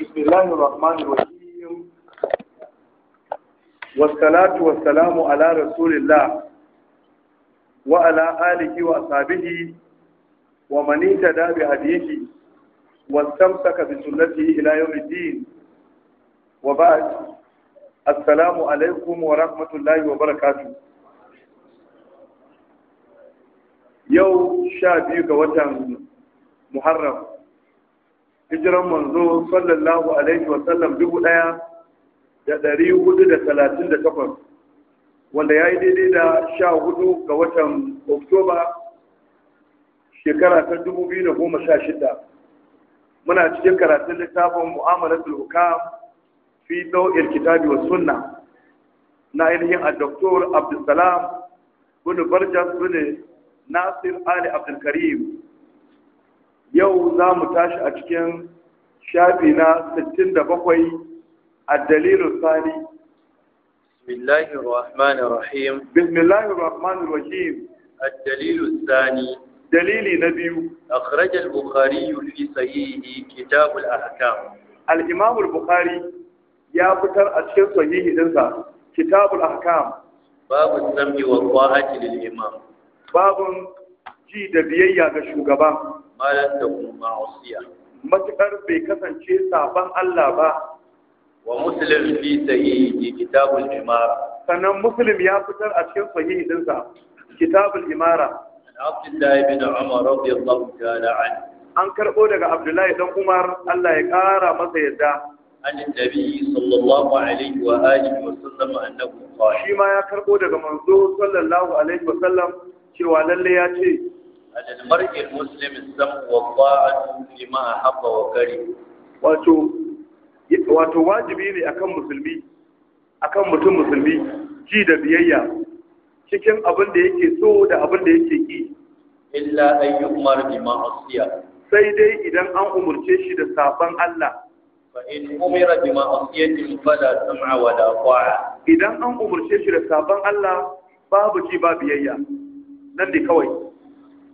بسم الله الرحمن الرحيم والصلاة والسلام على رسول الله وعلى آله وأصحابه ومن اهتدى بهديه واستمسك بسنته إلى يوم الدين وبعد السلام عليكم ورحمة الله وبركاته يوم شابيك وتن محرم hijiran manzo sallallahu alaihi wa sallam dubu ɗaya da ɗari hudu da talatin da takwas wanda ya yi daidai da sha hudu ga watan oktoba shekara ta dubu biyu da goma sha shida muna cikin karatun littafin mu'amalatul hukam fi dau'il kitabi wa sunna na ainihin a doktor abdulsalam bin barjas bin nasir ali abdulkarim yau za mu tashi a cikin shafi na 67 a dalilin sani bismillahir rahmanir rahim bismillahir rahmanir rahim الدليل الثاني دليل نبي أخرج البخاري في صحيحه كتاب الأحكام الإمام البخاري يا فتر أشكر صحيح إنسا كتاب الأحكام باب السمع والطاعة للإمام باب ji da biyayya ga shugaba malam da kuma wasiya matukar bai kasance sabon Allah ba wa muslim fi sahihi kitabul imara sannan muslim ya fitar a cikin sahihi dinsa kitabul imara an abdullahi bin umar radiyallahu ta'ala an an karbo daga abdullahi dan umar Allah ya kara masa yadda An عن النبي صلى الله عليه وآله وسلم أنه Shi ma ya كربو daga manzo sallallahu alaihi wa sallam, cewa lalle ya ce على المرء المسلم السمع lima haba wa kari wato wato wajibi ne akan musulmi akan mutum musulmi ji da biyayya cikin abin da yake so da abin da yake ki illa an umar bi ma'asiya sai dai idan an umurce shi da saban Allah fa in umira bi ma'asiyatin fala sam'a wa la ta'a idan an umurce shi da saban Allah babu ji ba biyayya nan dai kawai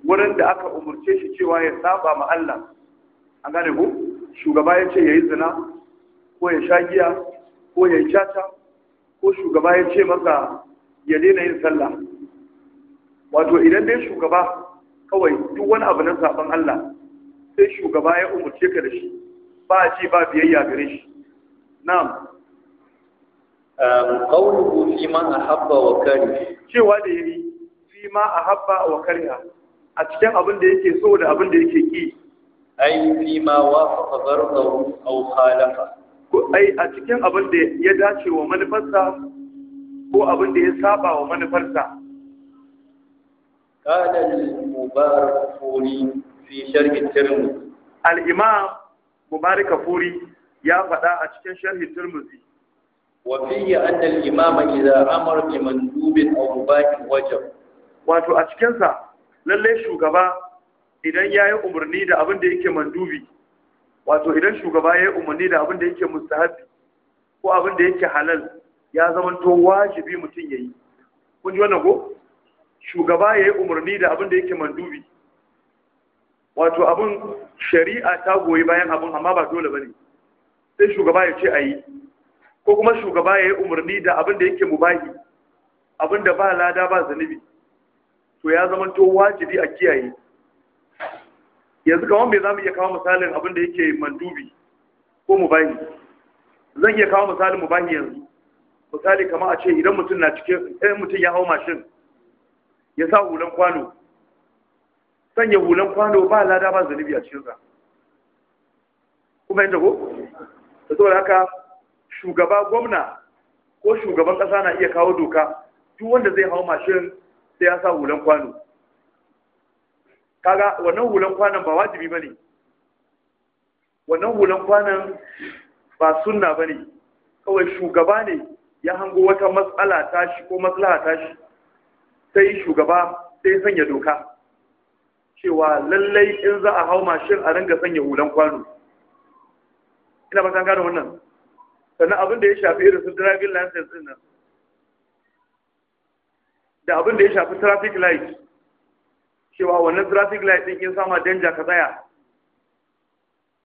wurin da aka umurce shi cewa ya saba ma Allah an gane ku shugaba ya ce ya yi zina ko ya sha giya ko ya yi caca ko shugaba ya ce maka ya daina yin sallah wato idan dai shugaba kawai duk wani abu na saban Allah sai shugaba ya umurce ka da shi ba ci ba biyayya gare shi na'am um, qawluhu fi ma ahabba wa kariha cewa da yayi fi ma ahabba wa kariha a cikin abin da yake so da abin da yake ki ai fi ma wa zardahu aw khalafa ko ai a cikin abin da ya dace wa manufarsa ko abin da ya saba wa manufarsa قال المبارك فوري في شرح al-imam mubarak Furi ya faɗa a cikin sharh Tirmidhi al أن الإمام amara bi mandubin aw مباح وجب wato a cikin sa lalle shugaba idan ya yi umarni da abin da yake mandubi wato idan shugaba ya yi umarni da abin da yake mustahabi ko abin da yake halal ya zama to wajibi mutum ya yi kun ji wannan ko shugaba ya yi umarni da abin da yake mandubi wato abin shari'a ta goyi bayan abin amma ba dole ba ne sai shugaba ya ce a yi ko kuma shugaba ya yi umarni da abin da yake mubahi abin da ba lada ba zanibi. to ya zama to wajibi a kiyaye yanzu kawan me za mu iya kawo misalin abin da yake mandubi ko mubahi zan iya kawo misalin mubahi yanzu misali kama a ce idan mutum na cikin ɗayan eh, mutum ya hau mashin ya sa hulan kwano sanya hulan kwano ba lada ba zunubi a cikinsa kuma yadda ko da saboda haka shugaba gwamna ko shugaban ƙasa na iya kawo doka duk wanda zai hau mashin sai ya sa hulan kwano kaga wannan hulan kwanon ba wajibi ba ne wannan hulan kwanon ba sunna ba ne kawai shugaba ne ya hango wata matsala ta shi ko matsala ta shi sai shugaba sai sanya doka cewa lallai in za a hau mashin a ringa sanya hulan kwano ina ba san gane wannan sannan abin da ya shafi irin su driving license din nan da abin da ya shafi traffic light cewa wannan traffic light din kin sama danger ka tsaya